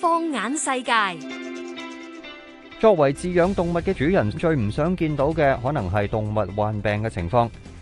放眼世界，作為飼養動物嘅主人，最唔想見到嘅可能係動物患病嘅情況。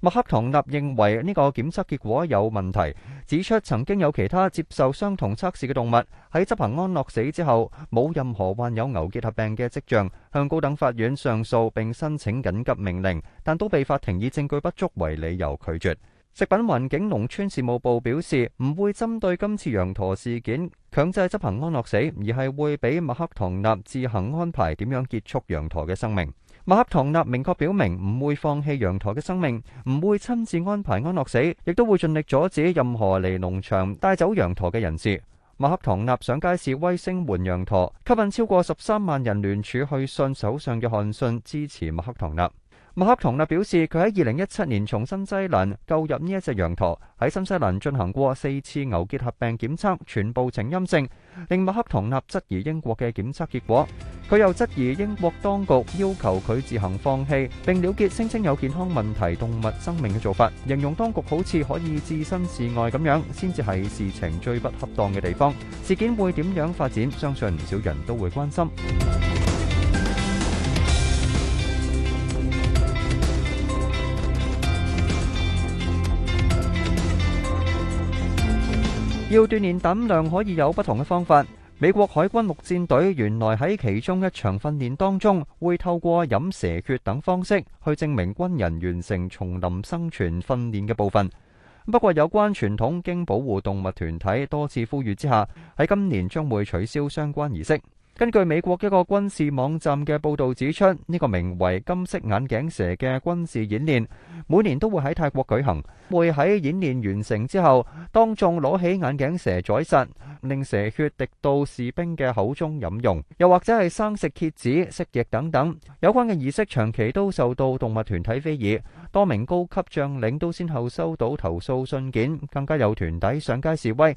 麥克唐納認為呢個檢測結果有問題，指出曾經有其他接受相同測試嘅動物喺執行安樂死之後冇任何患有牛結核病嘅跡象，向高等法院上訴並申請緊急命令，但都被法庭以證據不足為理由拒絕。食品環境農村事務部表示，唔會針對今次羊駝事件強制執行安樂死，而係會俾麥克唐納自行安排點樣結束羊駝嘅生命。麥克唐納明確表明唔會放棄羊駝嘅生命，唔會親自安排安樂死，亦都會盡力阻止任何嚟農場帶走羊駝嘅人士。麥克唐納上街示威聲援羊駝，吸引超過十三萬人聯署去信首相約翰遜，支持麥克唐納。麥克唐納表示，佢喺二零一七年從新西蘭購入呢一隻羊駝，喺新西蘭進行過四次牛結核病檢測，全部呈陰性，令麥克唐納質疑英國嘅檢測結果。佢又質疑英國當局要求佢自行放棄並了結，聲稱有健康問題、動物生命嘅做法，形容當局好似可以置身事外咁樣，先至係事情最不恰當嘅地方。事件會點樣發展，相信唔少人都會關心。要鍛煉膽量，可以有不同嘅方法。美國海軍陸戰隊原來喺其中一場訓練當中，會透過飲蛇血等方式去證明軍人完成叢林生存訓練嘅部分。不過有關傳統經保護動物團體多次呼籲之下，喺今年將會取消相關儀式。根據美國一個軍事網站嘅報導指出，呢個名為金色眼鏡蛇嘅軍事演練，每年都會喺泰國舉行，會喺演練完成之後，當眾攞起眼鏡蛇宰殺，令蛇血滴到士兵嘅口中飲用，又或者係生食蠍子、蜥蜴等等。有關嘅儀式長期都受到動物團體非議，多名高級將領都先後收到投訴信件，更加有團體上街示威。